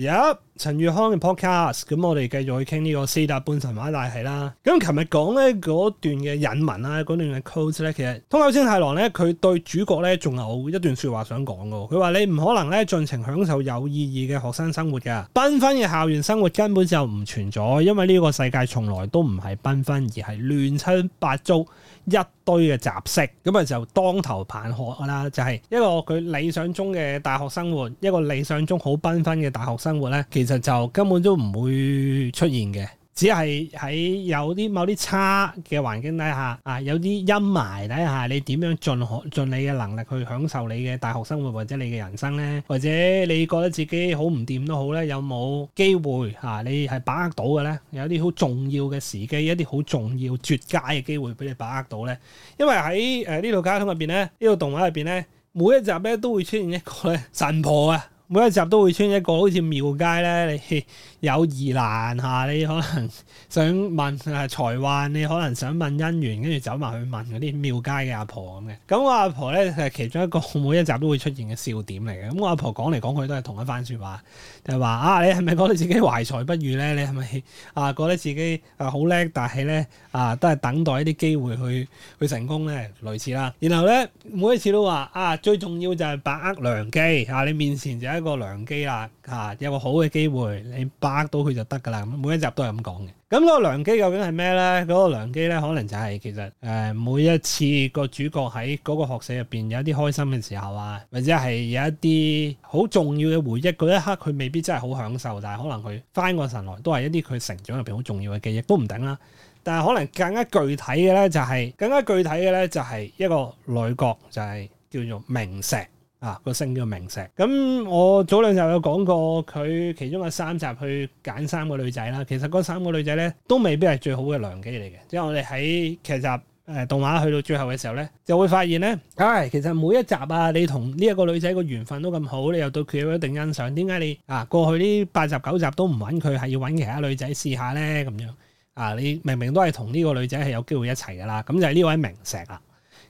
有、yeah, 陳玉康嘅 podcast，咁我哋繼續去傾呢個《四大半神話大系》啦。咁琴日講呢段嘅引文啊，段嘅 quote 咧，其實通口清太郎咧，佢對主角咧仲有一段説話想講嘅。佢話：你唔可能咧盡情享受有意義嘅學生生活嘅，繽紛嘅校園生活根本就唔存在，因為呢個世界從來都唔係繽紛，而係亂七八糟一堆嘅雜色。咁啊就當頭棒喝啦，就係、是、一個佢理想中嘅大學生活，一個理想中好繽紛嘅大學生生活咧，其實就根本都唔會出現嘅，只係喺有啲某啲差嘅環境底下，啊有啲陰霾底下，你點樣盡可盡你嘅能力去享受你嘅大學生活或者你嘅人生咧？或者你覺得自己好唔掂都好咧，有冇機會嚇你係把握到嘅咧？有啲好重要嘅時機，一啲好重要絕佳嘅機會俾你把握到咧？因為喺誒呢套卡通入邊咧，呢套動畫入邊咧，每一集咧都會出現一個咧神婆啊！每一集都會穿一個好似廟街咧，你有疑難嚇，你可能想問啊財運，你可能想問姻緣，跟住走埋去問嗰啲廟街嘅阿婆咁嘅。咁我阿婆咧係其中一個每一集都會出現嘅笑點嚟嘅。咁我阿婆講嚟講去都係同一番說話，就係、是、話啊，你係咪、啊、覺得自己懷才不遇咧？你係咪啊覺得自己啊好叻，但係咧啊都係等待一啲機會去去成功咧，類似啦。然後咧每一次都話啊，最重要就係把握良機啊！你面前就是一個良機啦，吓、啊、有個好嘅機會，你把握到佢就得噶啦。每一集都係咁講嘅。咁、那、嗰個良機究竟係咩咧？嗰、那個良機咧，可能就係其實誒、呃，每一次個主角喺嗰個學社入邊有一啲開心嘅時候啊，或者係有一啲好重要嘅回憶嗰一刻，佢未必真係好享受，但係可能佢翻過神來，都係一啲佢成長入邊好重要嘅記憶，都唔定啦。但係可能更加具體嘅咧、就是，就係更加具體嘅咧，就係一個女角，就係、是、叫做明石。啊！個姓叫明石。咁我早兩集有講過，佢其中嘅三集去揀三個女仔啦。其實嗰三個女仔咧，都未必係最好嘅良機嚟嘅。即係我哋喺劇集誒、呃、動畫去到最後嘅時候咧，就會發現咧，唉、哎，其實每一集啊，你同呢一個女仔個緣分都咁好，你又對佢有一定欣賞，點解你啊過去呢八集九集都唔揾佢，係要揾其他女仔試下咧？咁樣啊，你明明都係同呢個女仔係有機會一齊噶啦，咁就係、啊、呢位明石啦。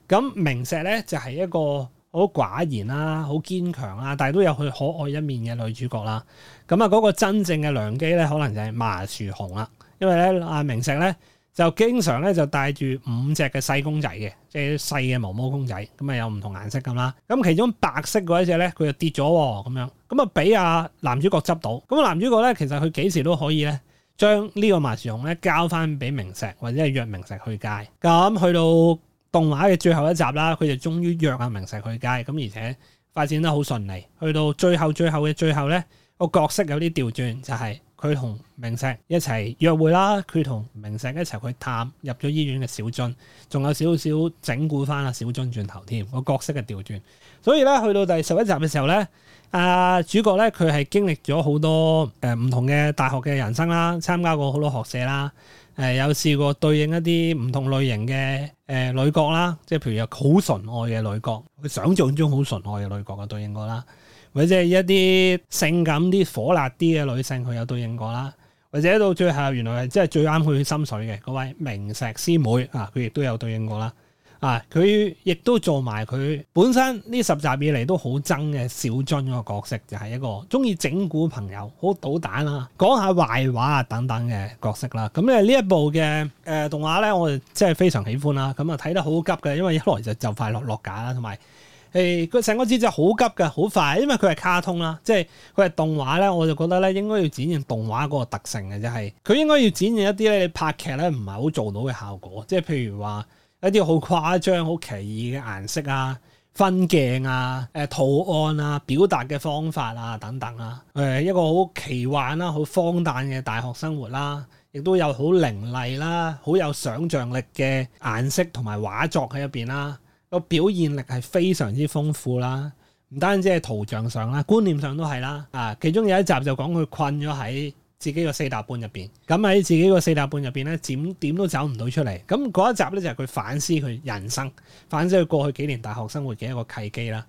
咁明石咧就係、是、一個，好寡言啦、啊，好堅強啊，但係都有佢可愛一面嘅女主角啦。咁啊，嗰、嗰個真正嘅良機咧，可能就係麻糬熊啦。因為咧，阿明石咧就經常咧就帶住五隻嘅細公仔嘅，即係細嘅毛毛公仔，咁啊有唔同顏色咁啦。咁其中白色嗰隻咧，佢就跌咗喎，咁樣咁啊俾阿男主角執到。咁啊男主角咧，其實佢幾時都可以咧，將呢個麻糬熊咧交翻俾明石，或者係約明石去街。咁去到動畫嘅最後一集啦，佢就終於約阿明石去街，咁而且發展得好順利，去到最後最後嘅最後呢，個角色有啲調轉，就係佢同明石一齊約會啦，佢同明石一齊去探入咗醫院嘅小津，仲有少少整蠱翻阿小津轉頭添，個角色嘅調轉，所以呢，去到第十一集嘅時候呢，啊主角呢，佢係經歷咗好多誒、呃、唔同嘅大學嘅人生啦，參加過好多學社啦，誒、呃、有試過對應一啲唔同類型嘅。誒、呃、女角啦，即係譬如有好純愛嘅女角，佢想象中好純愛嘅女角啊，就對應過啦；或者係一啲性感啲、火辣啲嘅女性，佢有對應過啦；或者到最後原來係即係最啱佢心水嘅嗰位明石師妹啊，佢亦都有對應過啦。啊！佢亦都做埋佢本身呢十集以嚟都好憎嘅小樽嗰個角色，就係一個中意整蠱朋友、好搗蛋啦、講下壞話啊等等嘅角色啦。咁咧呢一部嘅誒動畫咧，我哋即係非常喜歡啦。咁啊睇得好急嘅，因為一來就就快落落架啦，同埋誒佢成個節奏好急嘅，好快。因為佢係卡通啦，即係佢係動畫咧，我就覺得咧應該要展現動畫嗰個特性嘅，就係佢應該要展現一啲咧你拍劇咧唔係好做到嘅效果，即係譬如話。一啲好誇張、好奇異嘅顏色啊、分鏡啊、誒圖案啊、表達嘅方法啊等等啊，誒一個好奇幻啦、啊、好荒誕嘅大學生活啦、啊，亦都有好凌厲啦、啊、好有想像力嘅顏色同埋畫作喺入邊啦，個表現力係非常之豐富啦、啊，唔單止係圖像上啦，觀念上都係啦，啊，其中有一集就講佢困咗喺。自己個四大半入邊，咁喺自己個四大半入邊咧，點點都走唔到出嚟。咁嗰一集咧就係佢反思佢人生，反思佢過去幾年大學生活嘅一個契機啦。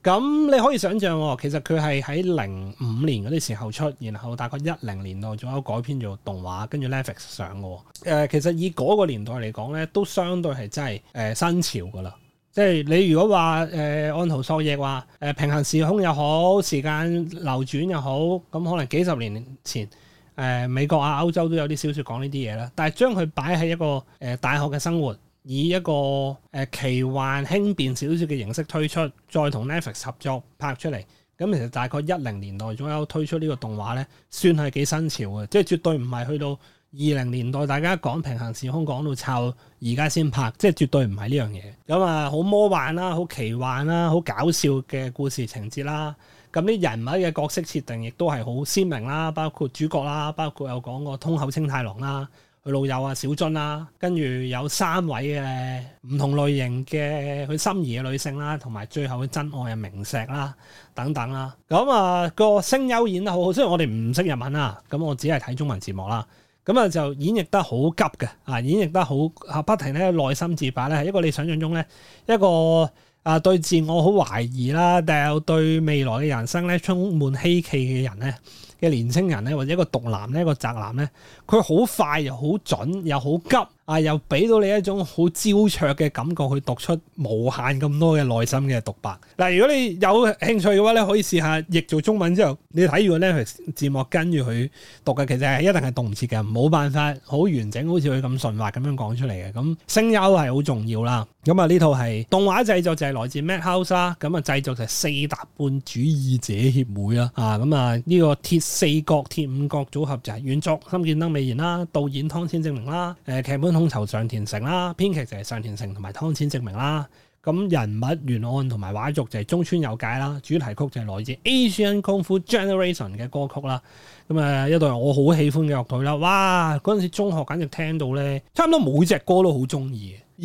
咁你可以想象，其實佢係喺零五年嗰啲時候出，然後大概一零年代左右改編咗動畫，跟住 Netflix 上嘅。誒、呃，其實以嗰個年代嚟講咧，都相對係真係誒、呃、新潮噶啦。即係你如果話誒、呃、安徒生嘅話，誒、呃、平行時空又好，時間流轉又好，咁可能幾十年前。誒、呃、美國啊、歐洲都有啲小説講呢啲嘢啦，但係將佢擺喺一個誒、呃、大學嘅生活，以一個誒、呃、奇幻輕便小說嘅形式推出，再同 Netflix 合作拍出嚟，咁其實大概一零年代左右推出呢個動畫咧，算係幾新潮嘅，即係絕對唔係去到二零年代大家講平行時空講到臭而家先拍，即係絕對唔係呢樣嘢。咁啊，好魔幻啦，好奇幻啦，好搞笑嘅故事情節啦。咁啲人物嘅角色設定亦都係好鮮明啦，包括主角啦，包括有講過通口清太郎啦，佢老友啊小津啦，跟住有三位嘅唔同類型嘅佢心儀嘅女性啦，同埋最後嘅真愛嘅明石啦等等啦。咁、那、啊個聲優演得好好，雖然我哋唔識日文啊，咁我只係睇中文字幕啦。咁啊就演繹得好急嘅，啊演繹得好啊不停咧內心自白咧，係一個你想象中咧一個。啊，對自我好懷疑啦，但又對未來嘅人生咧充滿希冀嘅人咧嘅年輕人咧，或者一個獨男咧，一個宅男咧，佢好快又好準又好急。啊，又俾到你一種好焦灼嘅感覺，去讀出無限咁多嘅內心嘅獨白。嗱，如果你有興趣嘅話咧，可以試下譯做中文之後，你睇住完咧字幕，跟住佢讀嘅，其實係一定係讀唔切嘅，冇辦法好完整，好似佢咁順滑咁樣講出嚟嘅。咁、嗯、聲優係好重要啦。咁、嗯、啊，呢套係動畫製作就係來自 Madhouse 啦。咁啊，製作就係四達半主義者協會啦。啊、嗯，咁啊呢個鐵四角鐵五角組合就係原作森見登美彥啦，導演湯淺政明啦，誒劇本統籌上田城啦，編劇就係上田城同埋湯淺政明啦，咁人物原案同埋畫作就係中村佑介啦，主題曲就係來自 Asian Kung Fu Generation 嘅歌曲啦，咁啊一代我好喜歡嘅樂隊啦，哇嗰陣時中學簡直聽到咧，差唔多每隻歌都好中意，而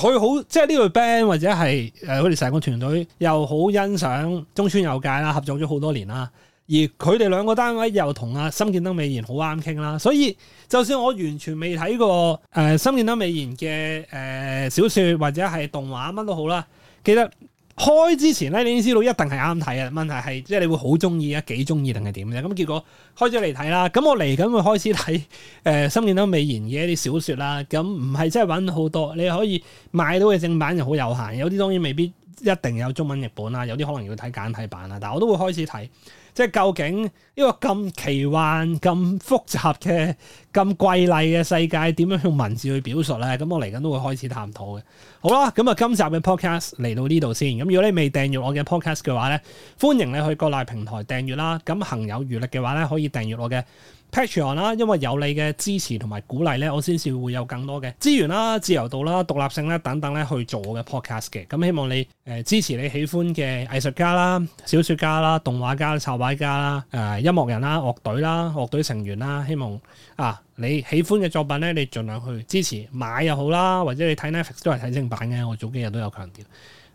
佢好即係呢個 band 或者係誒佢哋成個團隊又好欣賞中村佑介啦，合作咗好多年啦。而佢哋兩個單位又同啊森見登美彥好啱傾啦，所以就算我完全未睇過誒森見登美彥嘅誒小説或者係動畫乜都好啦，其實開之前咧你已經知道一定係啱睇嘅，問題係即係你會好中意啊幾中意定係點啫？咁結果開咗嚟睇啦，咁我嚟緊會開始睇誒森見登美彥嘅一啲小説啦，咁唔係真係揾好多，你可以買到嘅正版就好有限，有啲當然未必。一定有中文譯本啦，有啲可能要睇簡體版啦，但我都會開始睇，即係究竟呢個咁奇幻、咁複雜嘅、咁瑰麗嘅世界，點樣用文字去表述呢？咁我嚟緊都會開始探討嘅。好啦，咁啊，今集嘅 podcast 嚟到呢度先。咁如果你未訂閱我嘅 podcast 嘅話呢，歡迎你去各大平台訂閱啦。咁行有餘力嘅話呢，可以訂閱我嘅。Patreon 啦，Patreon，因為有你嘅支持同埋鼓勵咧，我先至會有更多嘅資源啦、自由度啦、獨立性啦等等咧去做我嘅 podcast 嘅。咁希望你誒、呃、支持你喜歡嘅藝術家啦、小說家啦、動畫家、插畫家啦、誒、呃、音樂人啦、樂隊啦、樂隊成員啦。希望啊你喜歡嘅作品咧，你盡量去支持買又好啦，或者你睇 Netflix 都係睇正版嘅。我早幾日都有強調，誒、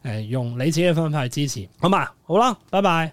呃、用你自己嘅方法去支持。好嘛，好啦，拜拜。